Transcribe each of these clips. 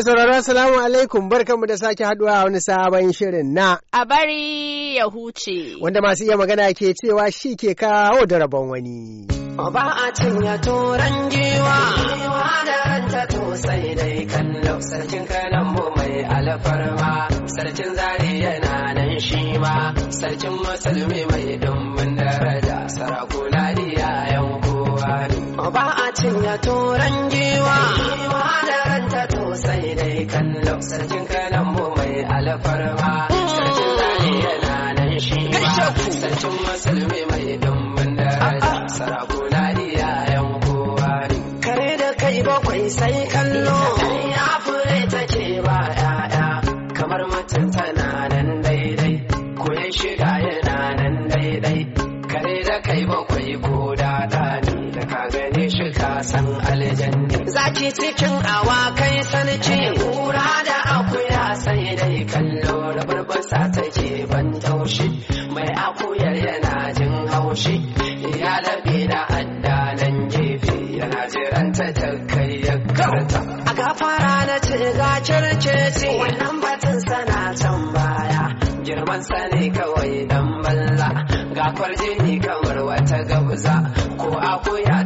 Mai sauraro salamu alaikum barkanmu da sake haduwa a wani sabon shirin na. A bari ya huce. Wanda masu iya magana ke cewa shi ke kawo da rabon wani. Ba a cinya turan giwa, da ranta to sai dai kallo sarkin kanan mai alfarma, sarkin zari yana nan shi ma, sarkin musulmi mai dumbin daraja, sarakuna da yan kowa ne. Ba a cinya turan giwa, sai dai kallo sarkin kanan mai alfarma sarkin zane yana nan shi ba sarkin musulmi mai dumbin daraja sarakuna iyayen kowa ne kare da kai bakwai sai kallo bai da kai bakwai ko da ɗani da ka gane shi ka san aljanni zaki cikin awa kai sanci kura da akuya sai dai kallo da barbasa take ban taushi mai akuyar yana jin haushi ya labe da adda nan gefe yana jiranta da kai ya karta a gafara na ce ga ce wannan batun sana can baya girman sa ne kawai dan ga kwarjini kamar wata gabza ko akuya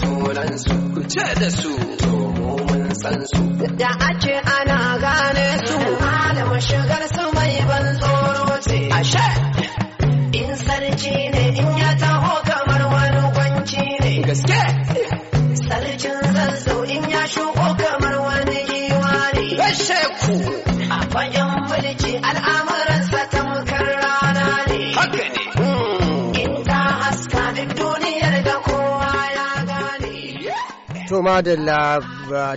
sunansu su ku ce da su to mun san su da a ce To madalla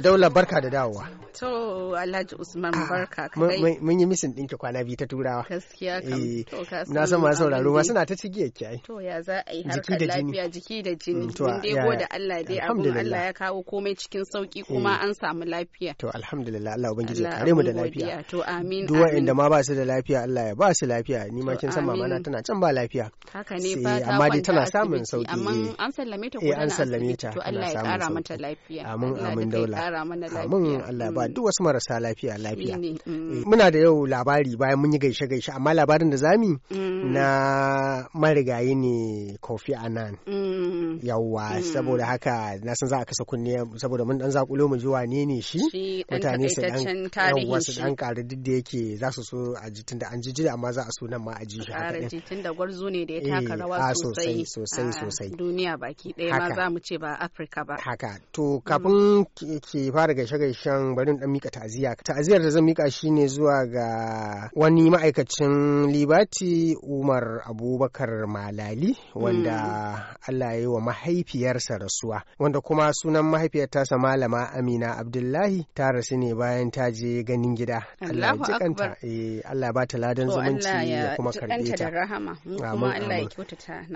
daula barka da dawowa. To Alhaji Usman ah, barka kai. Mun yi misin ɗinki kwana biyu ta turawa. Gaskiya kam. Eh, na san ma sauraro ma suna ta cigiyar ki ai. To ya za a yi harkar lafiya jiki da jini. Mm, mun dai gode Allah dai abun Allah ya kawo komai cikin sauki kuma eh. an samu lafiya. To alhamdulillah Allah ubangiji ya kare mu da lafiya. To amin. Duwa inda ma ba su da lafiya Allah ya ba su lafiya ni ma kin san mama na tana can ba lafiya. Haka ne ba ta amma dai tana samun sauki. Amma an sallame ta ko eh, an sallame ta. To Allah ya kara mata lafiya. Amin amin daula. Amin Allah ya ba mm. duk wasu mara marasa lafiya lafiya. Mm. Eh, muna da yau labari bayan mun yi gaishe-gaishe amma labarin da zami mm. na marigayi ne Kofi Annan. Mm. Yawwa saboda haka na san za a kasa kunne saboda mun dan zakulo mu ji wane ne shi mutane su dan yawwa su dan karu duk da yake za su so a ji tunda an ji amma za a so nan ma a ji shi haka ji Tunda gwarzo ne da ya eh, taka rawa sosai sosai sosai. Duniya baki ɗaya ma za mu ce ba Afirka ba. Haka to kafin ke fara gaishe-gaishen bari barin dan mika ta ta'aziyya ta'aziyyar da zan mika shi ne zuwa ga wani ma'aikacin libati umar abubakar malali wanda hmm. allah ya yi wa mahaifiyarsa rasuwa wanda kuma sunan mahaifiyar tasa malama amina abdullahi ta rasu ne bayan ta je ganin gida allah ya eh allah ba ta ladan zumunci ya kuma karbe ta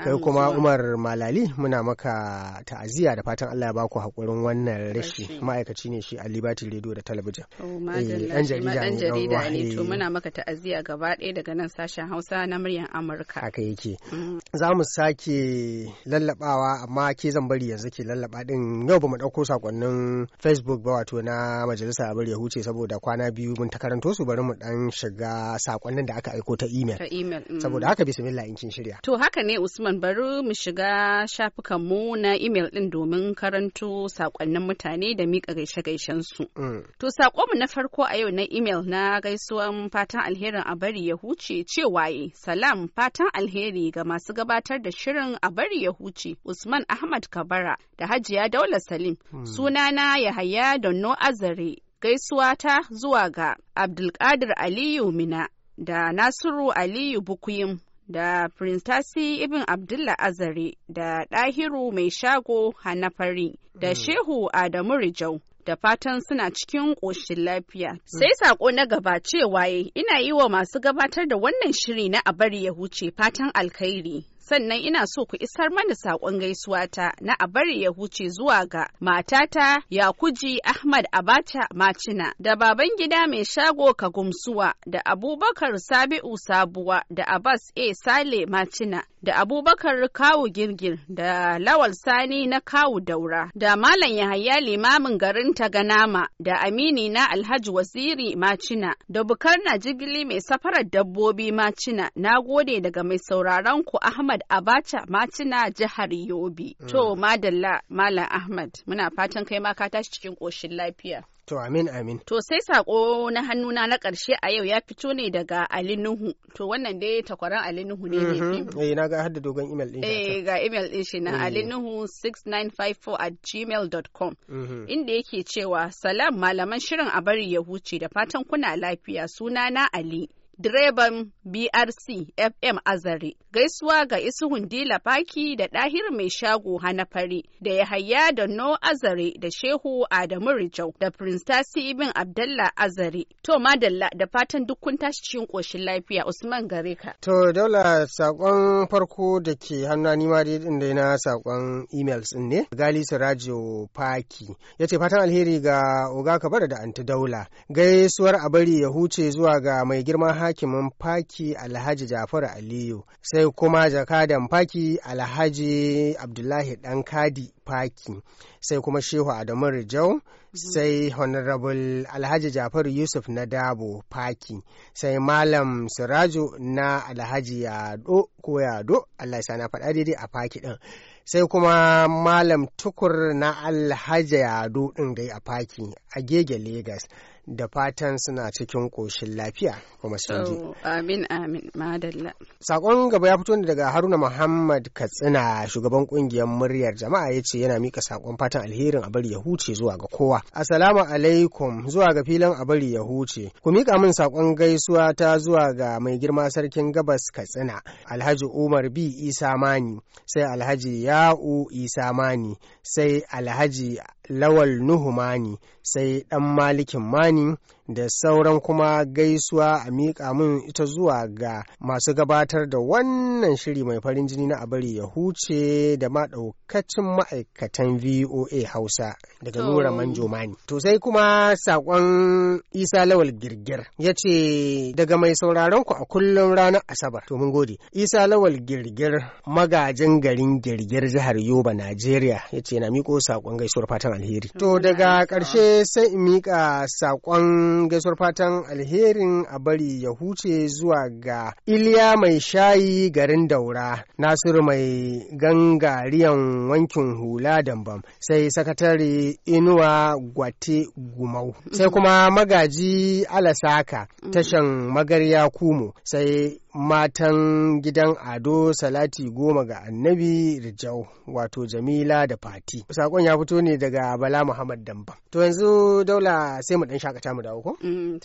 kai kuma umar malali muna maka ta'aziyya da fatan allah ya baku hakurin wannan rashi ma'aikaci ne shi a libati radio da talabijin Eh, dan jarida ne to eh. muna maka ta'aziyya gaba ɗaya daga nan sashen hausa na muryar amurka haka yake mm. za mu sake lallabawa amma ke zan bari yanzu ke lallaba din yau ba mu ɗauko sakonnin facebook ba wato na majalisa abar ya huce saboda kwana biyu mun ta karanto su bari mu dan shiga sakonnin da aka aiko ta email ta email mm. saboda haka bismillah in kin shirya to haka ne usman bari mu shiga shafukan mu na email din domin karanto sakonnin mutane da mika gaishe gaishen su mm. to sakon mu na farko a yau na imel na gaisuwan fatan alherin a bari ya huce cewa yi eh, salam fatan alheri ga masu gabatar da shirin a bari ya huce Usman Ahmad Kabara da Hajiya Daula Salim. Hmm. Sunana Yahaya Donno Azare gaisuwa ta zuwa ga Abdulkadir Aliyu Mina da Nasiru Aliyu Bukuyim da Prince Tasi Ibn Abdullah Azare da Ɗahiru Mai Shago Hanafari da hmm. Shehu Adamu Rijau da fatan suna cikin ƙoshin lafiya. Mm. Sai sako na gaba cewa ina yi wa masu gabatar da wannan shiri na a bari ya huce fatan alkhairi. sannan ina so ku isar mana saƙon gaisuwa ta na a bari ya huce zuwa ga matata yakuji ahmad abacha macina da baban gida mai shago kagumsuwa da abubakar sabi'u sabuwa da abbas a sale macina da Abubakar Kawu Girgir da Lawal Sani na Kawu Daura da Malam Yahaya Limamin garin Taganama da Amini na Alhaji Wasiri Macina da Bukar na Jigili mai safarar dabbobi Macina na gode daga mai sauraron ku Ahmad Abacha Macina jihar Yobi. Mm. To madalla Malam Ahmad muna fatan kai ma ka tashi cikin ƙoshin lafiya. To amin amin. To sai sako na hannuna na ƙarshe a yau ya fito ne daga Ali Nuhu. To wannan dai takwaran Ali Nuhu ne ne. Mm-hmm. Eh na ga hadda dogon email din. Eh ga email din shi na mm. Ali Nuhu 6954@gmail.com. Mm-hmm. Inda yake cewa salam malaman shirin a bari ya huce da fatan kuna lafiya sunana Ali. direban brc fm azare gaisuwa ga isuhun dila faki da ɗahir mai shago hanafari da ya haya da no azare da shehu adamu rijau da prince tasi ibn abdallah azare to madalla da fatan duk kun tashi cikin ƙoshin lafiya usman gareka. to daula saƙon farko da ke hannu ni ma dai inda na sakon emails din ne gali sirajo faki yace fatan alheri ga oga kabara da anti daula gaisuwar bari ya huce zuwa ga mai girman hakimin faki alhaji jafaru aliyu sai kuma jakadan faki alhaji abdullahi dan kadi faki sai kuma shehu adamu rijau mhm. sai honorable alhaji jafar yusuf na dabo faki sai malam siraju na alhaji yado ko yado allah ya sana faɗa daidai a faki ɗin sai kuma malam tukur na alhaji yado din dai a faki a gege Legas. da fatan suna cikin ƙoshin lafiya kuma sun ji. Oh, amin amin madalla. Sakon gaba ya fito daga Haruna Muhammad Katsina shugaban kungiyar muryar jama'a ya ce yana mika sakon fatan alherin a bari ya huce zuwa ga kowa. Assalamu alaikum zuwa ga filin a bari ya huce. Ku mika min sakon gaisuwa ta zuwa ga mai girma sarkin gabas Katsina Alhaji Umar B Isa Mani sai Alhaji Ya'u Isa Mani sai Alhaji lawal nuhu mani sai ɗan malikin mani da sauran kuma gaisuwa a miƙa mun ita zuwa ga masu gabatar da wannan shiri mai farin jini na abari ya huce da maɗaukacin ma'aikatan voa hausa daga nura manjo mani to sai kuma saƙon isa lawal girgir ya ce daga mai sauraron ku a kullum ranar asabar to mun gode isa lawal girgir magajin garin girgir jihar yoba najeriya ya ce na miƙo saƙon gaisuwar fatan alheri. To daga ƙarshe sai in miƙa saƙon gaisuwar fatan alherin a bari ya huce zuwa ga Iliya mai shayi garin daura, Nasiru mai gangariyan wankin hula dambam, sai sakatare Inuwa Gwate Gumau, sai kuma magaji Alasaka mm. tashan magarya Kumo, sai matan gidan Ado Salati goma ga annabi Rijau, wato Jamila da Fati. Saƙon ya fito ne daga da Bala Muhammad Damba. To yanzu daula sai mu dan shakata mu dawo ko? Mm,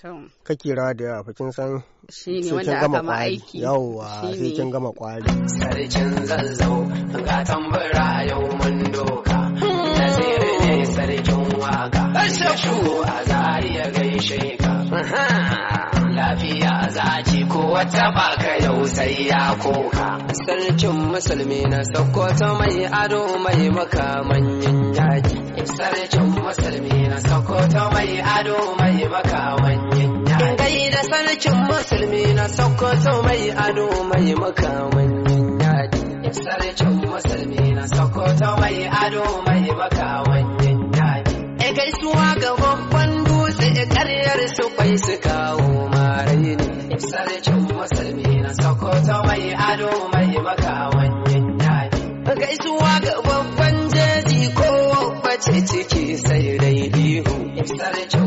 Kake rawa da yawa fakin san shi ne wanda aka ma aiki. Yawwa sai kin gama kwari. Sarkin zazzau ga tambara yau mun doka. Nasiri ne sarkin waka. Ashaku a za ya gaishe ka. Lafiya za ci ko wata ba sai ya koka sarkin musulmi na sokoto mai ado mai makamanyin yaki sarkin musulmi na sokoto mai ado mai makamanyin yaki gai da sarkin musulmi na sokoto mai ado mai makamanyin yaki sarkin musulmi na sokoto mai ado mai makamanyin yaki e gaisuwa ga babban dutse ƙaryar su kwai su kawo marai ne sarkin musulmi na sokoto mai ado mai makawan yanyani gaisuwa ga babban jeji ko bace ciki sai dai ihu sarkin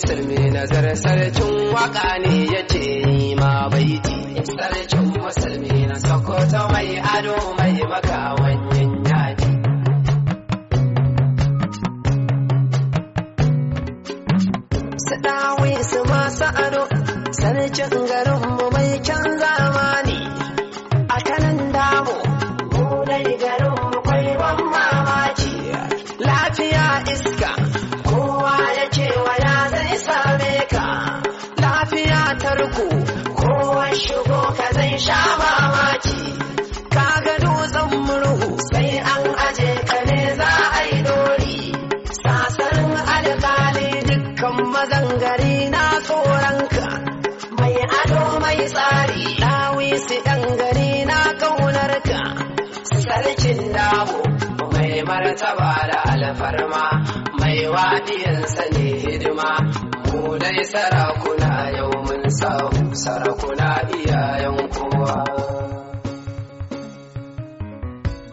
musulmi nazar sarkin waka ne ya ce yi ma baiti sarkin musulmi na sokoto mai ado mai maka wanyan yaji su dawe su masu ado sarkin garinmu mai canza shigo ka zai sha mamaki ka ga dutsen murhu sai an aje ka ne za a yi dori sasarin alkali dukkan mazan gari na tsoronka mai ado mai tsari dawi su ɗan gari na ƙaunarka sarkin dawo mai martaba da alfarma mai waɗiyansa ne hidima mu dai sarakuna yau mun samu sarakuna iyayen kowa.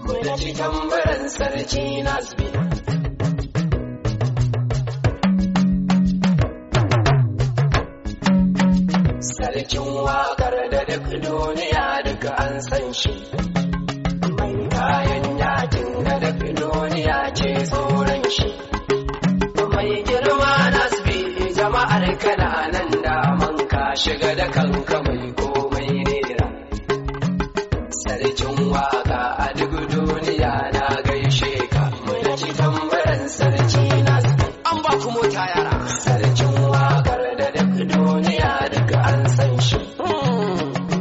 Mu cikin baran sarki nasbina. Sarkin waƙar da duk duniya duka an san shi. Mai kayan yakin da duk duniya ce tsoron shi. Mai kai kana nan man ka shiga da kanka mai komai nera sarkin waka a duk duniya na gaishe ka muna ci tambaran sarki na an ba ku mota yara sarkin wakar da duk duniya duk an san shi hmm.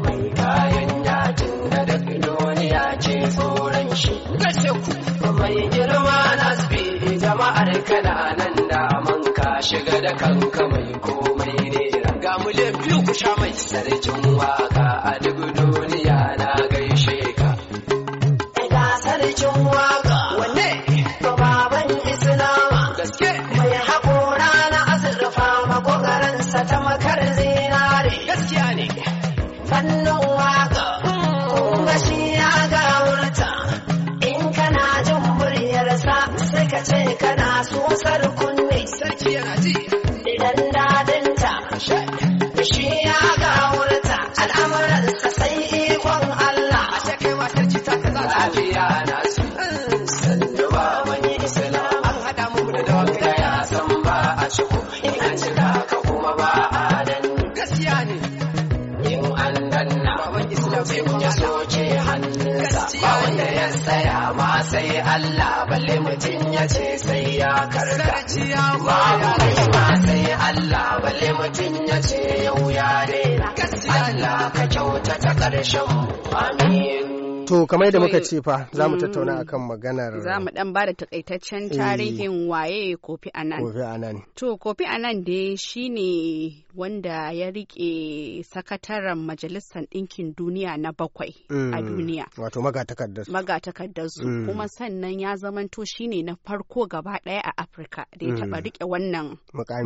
mai kayan yatin da duk duniya ce tsoron shi gashe ku mai girma na jama'ar kana nan man ka shiga da kanka sarkin waka To kamar da muka ce fa za mu mm. tattauna akan maganar za mu dan bada takaitaccen tarihin eh. waye Kofi anan Kofi anan. To Kofi anan dai shine wanda ya rike sakataren majalisar ɗinkin duniya na bakwai mm. a duniya wato magatakardarsu su mm. kuma sannan ya zamanto shine na farko gaba ɗaya a afirka da ya taɓa mm. rike wannan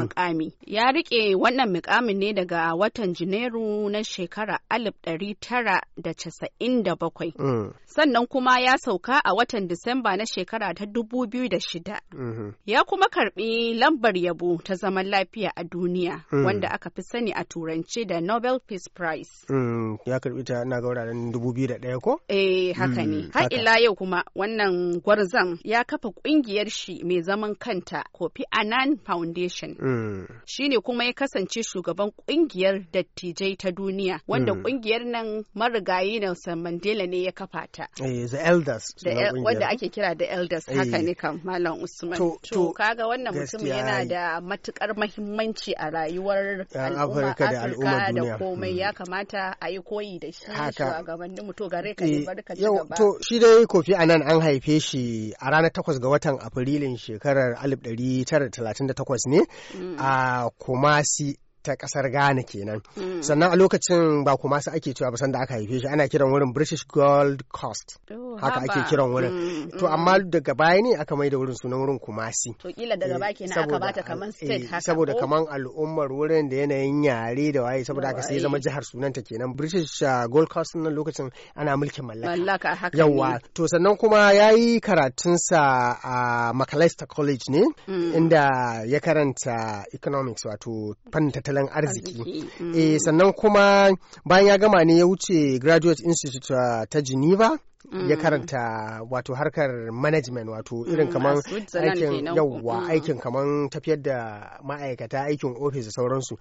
mukami ya rike wannan mukamin ne daga watan janairu na shekara alif ɗari tara da casa'in da bakwai mm. sannan kuma ya sauka a watan disamba na shekara ta dubu biyu da shida mm-hmm. ya kuma karɓi lambar yabo ta zaman lafiya a duniya wanda aka fi sani a turance da Nobel Peace Prize. Mm, ya karbi ta na gauraren 2001 ko? Eh haka ne. Mm, Har ila yau kuma wannan gwarzan ya kafa kungiyar shi mai zaman kanta Kofi Annan Foundation. Mm. Shi ne kuma ya kasance shugaban kungiyar dattijai ta duniya wanda kungiyar nan marigayi Nelson Mandela ne ya kafa ta. Eh, the elders. Wanda ake kira da elders eh. haka ne kam Malam Usman. To kaga wannan mutum yana da matukar mahimmanci a rayuwar 'yan Afirka da al'ummar duniya. da komai mm. ya kamata a yi koyi da shi shugabannin mu to gare ka ne barka da gaba. To shi dai Kofi anan an haife shi a ranar 8 ga watan Afrilin shekarar 1938 ne mm. a Kumasi ta kasar Ghana kenan. Mm. Sannan a lokacin ba kuma su ake cewa basan da aka haife shi ana kiran wurin British Gold Coast. Oh, haka ake kiran wurin. Mm, to mm. amma daga baya ne aka maida wurin sunan wurin Kumasi. To kila daga baya kenan aka bata kaman eh, state haka. Saboda kaman al'ummar wurin da yanayin yare da waye saboda aka sai zama eh. jihar sunanta kenan British uh, Gold Coast nan lokacin ana mulkin mallaka. Mallaka haka. Yawwa. To sannan kuma yayi karatunsa a Macalester College ne inda ya karanta economics wato fannin tattalin arziki mm. eh sannan kuma bayan ya gama ne ya wuce graduate institute uh, ta geneva mm. ya karanta wato harkar management wato irin mm, kamar aikin yawwa aikin kamar tafiyar da ma'aikata aikin ofis da sauransu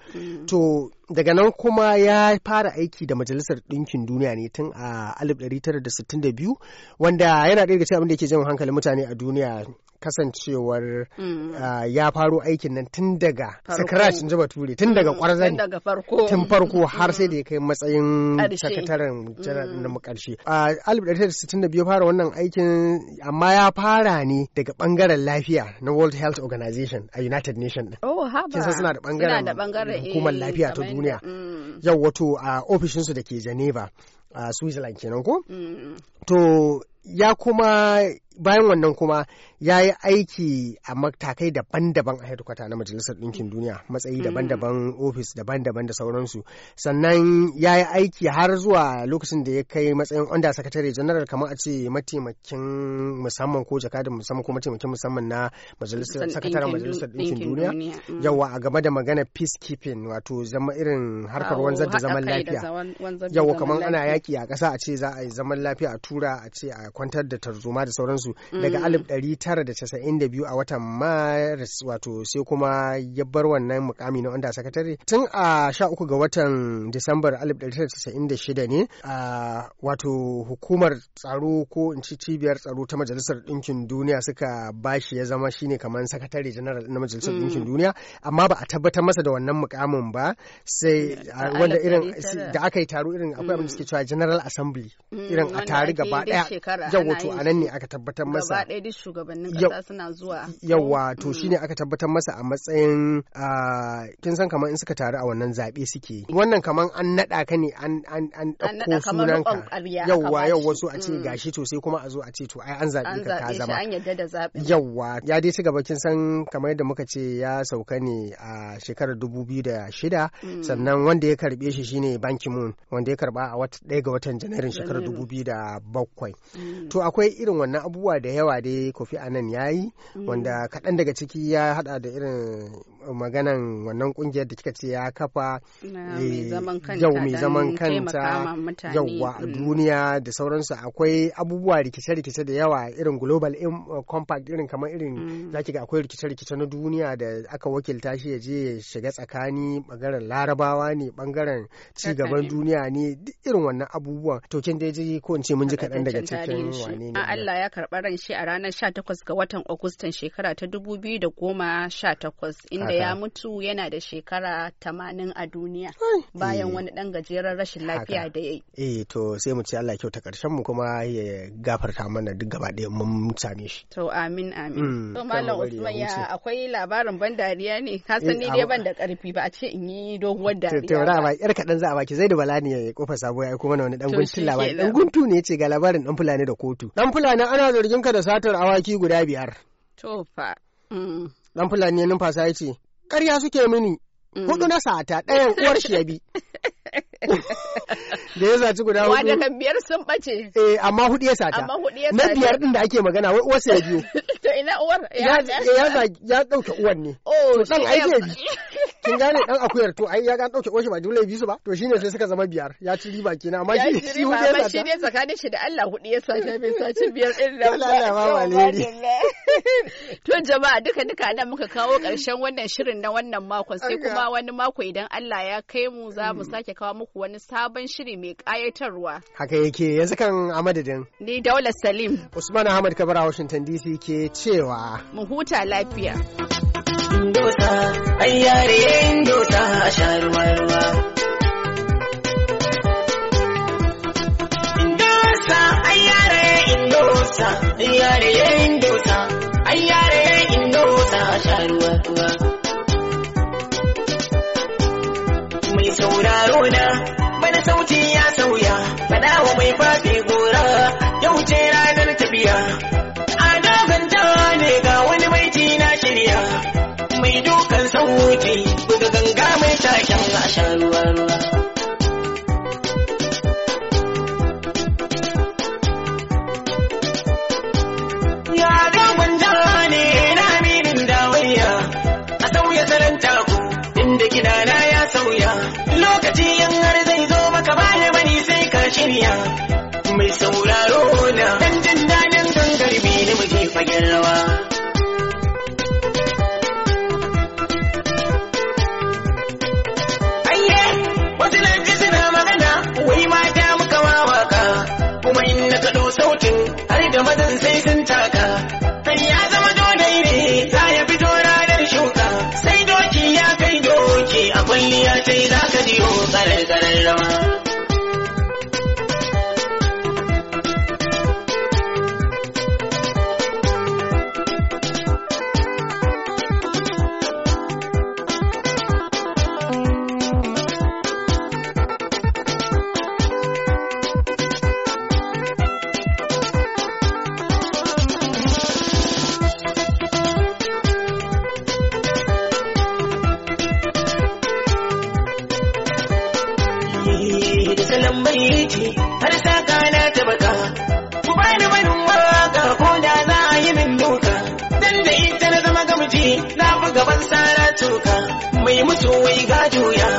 to daga nan kuma ya fara aiki da majalisar Dinkin duniya ne tun a 1962 wanda yana ɗaya daga cikin abin da yake jan hankalin mutane a duniya kasancewar mm. ah, ya faro aikin nan tun daga sakarashin jiba ture tun daga kwarzani mm, tun farko mm. har sai da ya kai matsayin sakataren jiran na karshe a 1962 fara wannan aikin amma ya fara ne daga bangaren lafiya na World Health Organization a United Nation. oh haba suna da bangaren eh, hukumar lafiya ta duniya yau wato a ofishinsu da ke Geneva a Switzerland kenan ko to ya kuma bayan wannan kuma ya yi aiki a matakai daban-daban a hedikwata na majalisar ɗinkin duniya matsayi mm. daban-daban ofis daban-daban da sauransu sannan ya yi aiki har zuwa lokacin da ya kai matsayin onda sakatare janaral kamar a ce mataimakin musamman ko jakadin musamman ko mataimakin musamman na sakataren majalisar ɗinkin duniya yawa mm. a game da magana peacekeeping wato zama irin harkar wanzar da zaman lafiya yawa kamar ana yaki a ƙasa a ce za a yi zaman lafiya a tura a ce a kwantar da tarzoma da sauransu yanzu daga mm. alif tara da da biyu a watan maris wato sai kuma ya bar wannan mukami na wanda sakatare tun a sha uku ga watan disambar alif tara da shida ne a wato hukumar tsaro ko in ci cibiyar tsaro ta majalisar ɗinkin duniya suka bashi ya zama shine kamar sakatare general na majalisar mm. ɗinkin duniya amma ba a tabbatar masa da wannan mukamin ba sai wanda irin da aka yi taro irin akwai abin da suke mm. cewa general assembly irin a tare gaba daya yawato a nan ne aka tabbatar tabbatar masa gaba ɗaya shugabannin ƙasa suna zuwa yawa to mm. shine aka tabbatar masa a matsayin kin san kamar in suka taru a wannan zaɓe suke wannan kamar an naɗa ka ne an an ɗauko sunanka yawa yawa so a ce mm. gashi to sai kuma a zo a ce to ai an zaɓe ka ka zama yawa ya dai ci gaba kin san kamar yadda muka ce ya sauka ne a shekarar dubu biyu da shida mm. sannan wanda ya karɓe shi shine banki moon wanda ya karɓa a wata ɗaya ga watan janairun shekarar dubu biyu da bakwai to akwai irin wannan abu abubuwa da yawa dai kofi anan ya yi mm. wanda kaɗan daga ciki ya haɗa da irin maganan wannan kungiyar da kika ce ya kafa yau eh, mai zaman kanta yauwa a mm. duniya da sauransu akwai abubuwa rikice-rikice da yawa irin global uh, compact irin kamar irin mm. zaki ga akwai rikice-rikice na duniya da aka wakilta shi ya je ya shiga tsakani bangaren larabawa ne bangaren cigaban duniya ne irin wannan abubuwa to kin dai ji ko in ce mun ji kaɗan daga cikin wane ne Allah ya karɓa ran shi a ranar 18 ga watan Agustan shekara ta 2018 inda da ya mutu yana da shekara tamanin a duniya bayan eh. wani dan gajeren rashin lafiya da ya yi eh to sai mu ce Allah kyau ta karshen mu kuma ya gafarta mana duk gaba ɗaya mun same shi to amin amin mm, to malam Usman ya akwai labarin ban dariya ne ka san eh, ni dai ban da karfi ba a ce in yi doguwar dariya to ba yar kadan za a baki zai da bala ne ya kofa sabo ya kuma wani dan guntun labari dan guntu ne yace ga labarin dan fulani da kotu dan fulani ana zargin ka da satar awaki guda biyar to fa mm. Dan Fulani ya numfasa ya ce, Ƙarya suke mini, mm. hudu na sata ɗayan uwar shi ya bi. da ya zaci guda hudu kan biyar sun bace eh amma hudu ya sata amma hudu ya sata na biyar din da ake magana wai uwarsa ya biyo to ina uwar ya ya ya dauke uwan ne oh, to dan aike bi kin gane dan akuyar to ai ya ga dauke uwar shi ba dole bi su ba to shine sai suka zama biyar ya ci riba kenan amma shi shi hudu ya sata shi ne tsakanin shi da Allah hudu ya sata bai saci biyar din da Allah ya ba waleri to jama'a duka duka nan muka kawo karshen wannan shirin na wannan makon sai kuma wani mako idan Allah ya kai mu za mu mm. sake kawo muku wani sabon shiri mai kayatarwa. Haka yake yanzu kan a madadin. Ni Daula Salim. Usman Ahmad Kabara Washington DC ke cewa. Mu huta lafiya. Dosa, ayyare dosa a sha ruwa Indosa, ayyare indosa, ayyare indosa, ayyare indosa a sha ruwa sauti ya sauya faɗa wa mai fafe gora yau ce ranar tafiya a daganta ne ga wani maiti na shirya mai dukan sauti buga ganga mai taken a ruwa ruwa mai sauraro na dan jin daɗin garbi na muke fagen rawa. Ayye, wasu nan ji suna magana, wai mata muka wawaka, kuma in na kaɗo sautin har da mazan sai sun taka. sai ya zama dole ne, za ya fito ranar shuka, sai doki ya kai doki a kwalliya sai za ka jiyo tsarar rawa. ji na buga gaban sara tuka mai mutu wai ga juya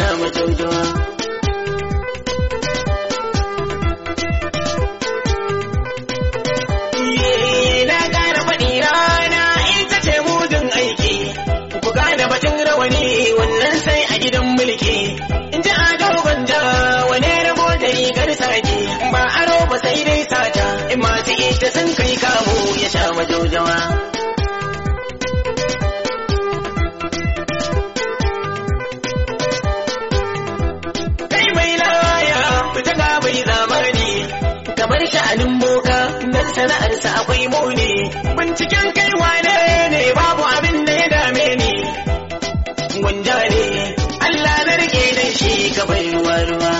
yana majaujawa. Na gara faɗi rana ita ce mudin aiki, ku gane batun sha'anin boka dan sana'arsa akwai muni binciken kai wane ne babu abin da ya dame ni gunja ne Allah na rike dan shi ka bai warwa